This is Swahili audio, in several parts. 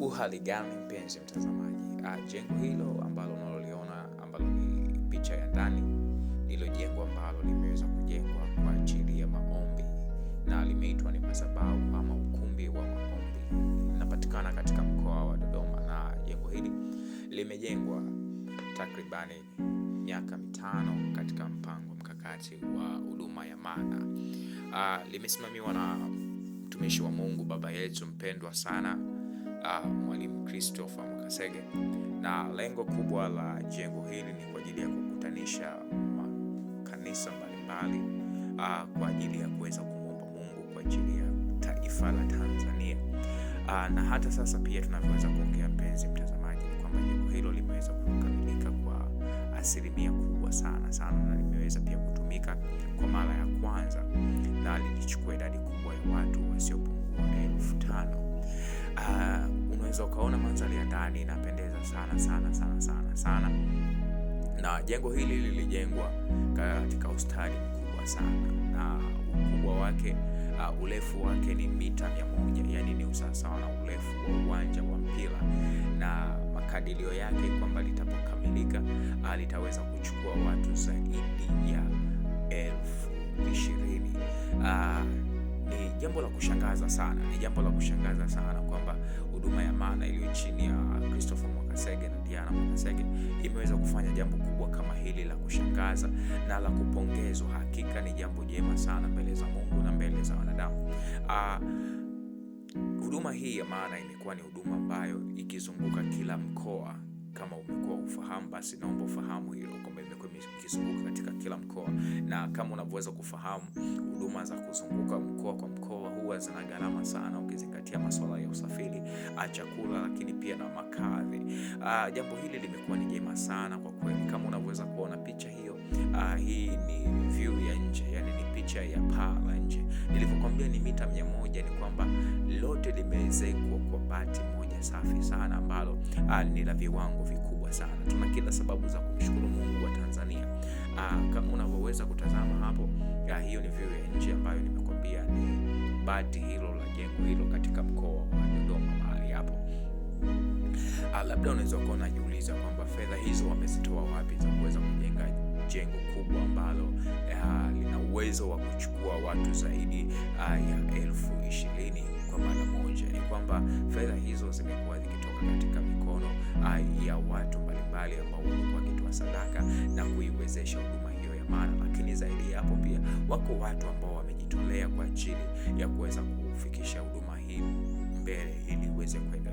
Uhali gani mpenzi mtazamaji? Ah, jengo hilo ambalo unaloliona ambalo ni picha ya ndani, ndilo jengo ambalo limeweza kujengwa kwa ajili ya maombi na limeitwa ni madhabahu ama ukumbi wa maombi. Linapatikana katika mkoa wa Dodoma, na jengo hili limejengwa takribani miaka mitano katika mpango mkakati wa huduma ya mana. Ah, limesimamiwa na mtumishi wa Mungu baba yetu mpendwa sana uh, Mwalimu Christopher Mkasege, na lengo kubwa la jengo hili ni kwa ajili ya kukutanisha makanisa mbalimbali uh, kwa ajili ya kuweza kumwomba Mungu kwa ajili ya taifa la Tanzania. uh, na hata sasa pia tunavyoweza kuongea, mpenzi mtazamaji, ni kwamba jengo hilo limeweza kukamilika kwa asilimia kubwa sana sana, na limeweza pia kutumika kwa mara ya kwanza na lilichukua idadi kubwa ya watu wasiopungua elfu tano unaweza ukaona mandhari ya ndani inapendeza sana sana sana sana sana, na jengo hili lilijengwa katika ustadi mkubwa sana, na ukubwa wake uh, urefu wake ni mita mia moja yani ni usawasawa na urefu wa uwanja wa mpira, na makadirio yake kwamba litapokamilika uh, litaweza kuchukua watu zaidi ya elfu ishirini. Uh, ni jambo la kushangaza sana, ni jambo la kushangaza sana huduma ya maana iliyo chini ya Christopher Mwakasege na Diana Mwakasege imeweza kufanya jambo kubwa kama hili la kushangaza na la kupongezwa. Hakika ni jambo jema sana mbele za Mungu na mbele za wanadamu. Uh, huduma hii ya maana imekuwa ni huduma ambayo ikizunguka kila mkoa. Kama umekuwa ufahamu, basi naomba katika kila mkoa, na kama unavyoweza kufahamu, huduma za kuzunguka mkoa kwa mkoa huwa zina gharama sana, ukizingatia masuala ya usafiri, ah, chakula, lakini pia na makazi. Ah, jambo hili limekuwa ni jema sana kwa kweli, kama unavyoweza kuona picha hiyo. Ah, hii ni view ya nje, yani ni picha ya paa la nje. Nilivyokuambia ni mita mia moja, ni kwamba lote limeezekwa kwa bati moja safi sana ambalo ni la viwango vikubwa sana. Tuna kila sababu za kumshukuru Mungu wa Tanzania Uh, kama unavyoweza kutazama hapo ya ah, hiyo ni view ya nje ambayo nimekwambia ni bati hilo la jengo hilo katika mkoa wa Dodoma mahali hapo. Ah, labda unaweza kuwa unajiuliza kwamba fedha hizo wamezitoa wapi za kuweza kujenga jengo kubwa ambalo lina uwezo wa kuchukua watu zaidi ya elfu ishirini kwa mara moja. Ni kwamba fedha hizo zimekuwa zikitoka katika mikono ya watu mbalimbali ambao walikuwa wakitoa sadaka na kui kuwezesha huduma hiyo ya maana. lakini zaidi ya hapo pia wako watu ambao wamejitolea kwa ajili ya kuweza kufikisha huduma hii mbele ili iweze kwenda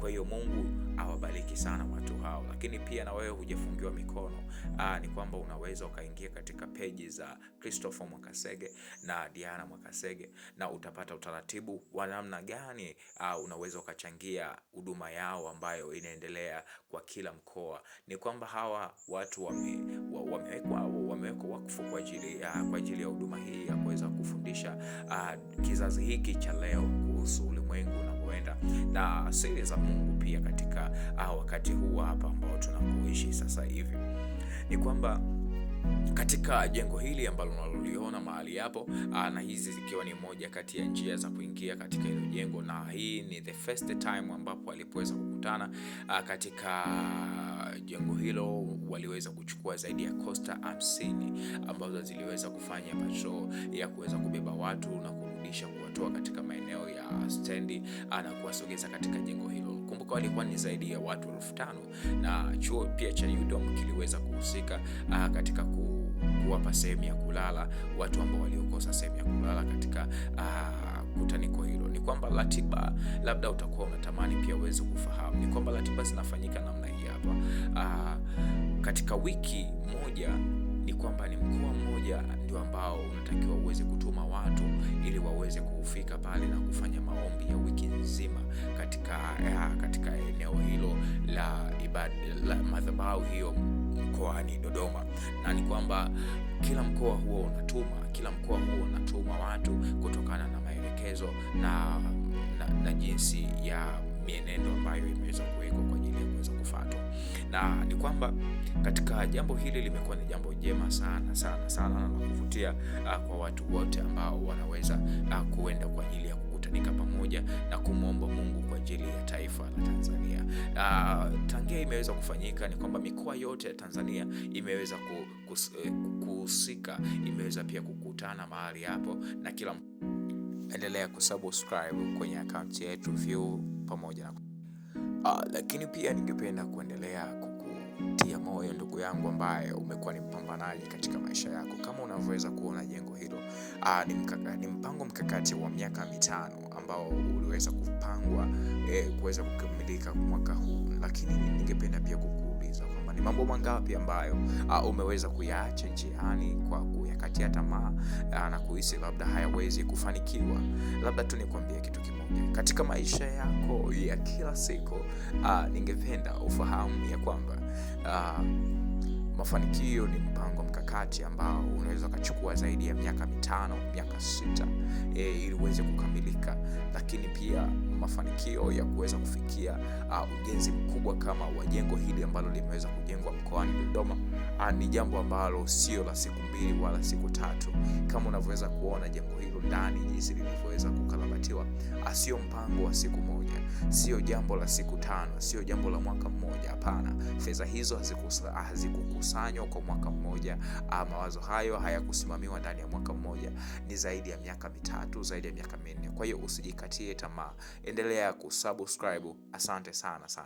kwa hiyo Mungu awabariki sana watu hao, lakini pia na wewe hujafungiwa mikono. Aa, ah, ni kwamba unaweza ukaingia katika peji za Christopher Mwakasege na Diana Mwakasege na utapata utaratibu wa namna gani ah, unaweza ukachangia huduma yao ambayo inaendelea kwa kila mkoa. Ni kwamba hawa watu wame, wamewekwa wamewekwa wakfu kwa ajili ya huduma hii ya kuweza kufundisha ah, kizazi hiki cha leo na siri za Mungu pia katika ah, wakati huu hapa ambao tunakuishi sasa hivi ni kwamba katika jengo hili ambalo unaloliona mahali hapo, ah, na hizi zikiwa ni moja kati ya njia za kuingia katika hilo jengo, na hii ni the first time ambapo alipoweza kukutana ah, katika jengo hilo waliweza kuchukua zaidi ya kosta 50 ambazo ziliweza kufanya patrol ya kuweza kubeba watu na kurudisha, kuwatoa katika maeneo ya stendi ah, na kuwasogeza katika jengo hilo. Kumbuka walikuwa ni zaidi ya watu elfu tano na chuo pia cha UDOM kiliweza kuhusika ah, katika ku, kuwapa sehemu ya kulala watu ambao waliokosa sehemu ya kulala katika aa, ah, kukutani hilo ni kwamba ratiba, labda utakuwa unatamani pia uweze kufahamu ni kwamba ratiba zinafanyika namna hii hapa. uh, katika wiki moja ni kwamba ni mkoa mmoja ndio ambao unatakiwa uweze kutuma watu ili waweze kufika pale na kufanya maombi ya wiki nzima katika ya, ah, katika eneo hilo la ibada la madhabahu hiyo mkoani Dodoma, na ni kwamba kila mkoa huo unatuma, kila mkoa huo unatuma watu kutokana na maelezo na, na, na jinsi ya mienendo ambayo imeweza kuwekwa kwa ajili ya kuweza kufuatwa, na ni kwamba katika jambo hili limekuwa ni jambo jema sana sana sana na kuvutia ah, kwa watu wote ambao wanaweza ah, kuenda kwa ajili ya kukutanika pamoja na kumwomba Mungu kwa ajili ya taifa la Tanzania. Na ah, tangia imeweza kufanyika ni kwamba mikoa yote ya Tanzania imeweza eh, kuhusika, imeweza pia kukutana mahali hapo na kila endelea kusubscribe kwenye akaunti yetu View pamoja na uh, lakini pia ningependa kuendelea kukutia moyo ndugu yangu ambaye umekuwa ni mpambanaji katika maisha yako. Kama unavyoweza kuona jengo hilo uh, ni, mkaka, ni mpango mkakati wa miaka mitano ambao uliweza kupangwa eh, kuweza kukamilika mwaka huu, lakini ningependa pia kukuuliza ni mambo mangapi ambayo uh, umeweza kuyaacha njiani kwa kuyakatia tamaa uh, na kuhisi labda hayawezi kufanikiwa. Labda tu nikwambie kitu kimoja katika maisha yako ya kila siku uh, ningependa ufahamu ya kwamba uh, mafanikio ni mpango mkakati ambao unaweza ukachukua zaidi ya miaka mitano, miaka sita, e, ili uweze kukamilika, lakini pia mafanikio ya kuweza kufikia uh, ujenzi mkubwa kama wa jengo hili ambalo limeweza kujengwa mkoani Dodoma Ah, ni jambo ambalo sio la siku mbili wala siku tatu, kama unavyoweza kuona jambo hilo ndani jinsi lilivyoweza kukarabatiwa. Ah, sio mpango wa siku moja, sio jambo la siku tano, sio jambo la mwaka mmoja. Hapana, fedha hizo hazikukusanywa kwa mwaka mmoja. Ah, mawazo hayo hayakusimamiwa ndani ya mwaka mmoja, ni zaidi ya miaka mitatu, zaidi ya miaka minne. Kwa hiyo usijikatie tamaa, endelea kusubscribe. Asante sana sana.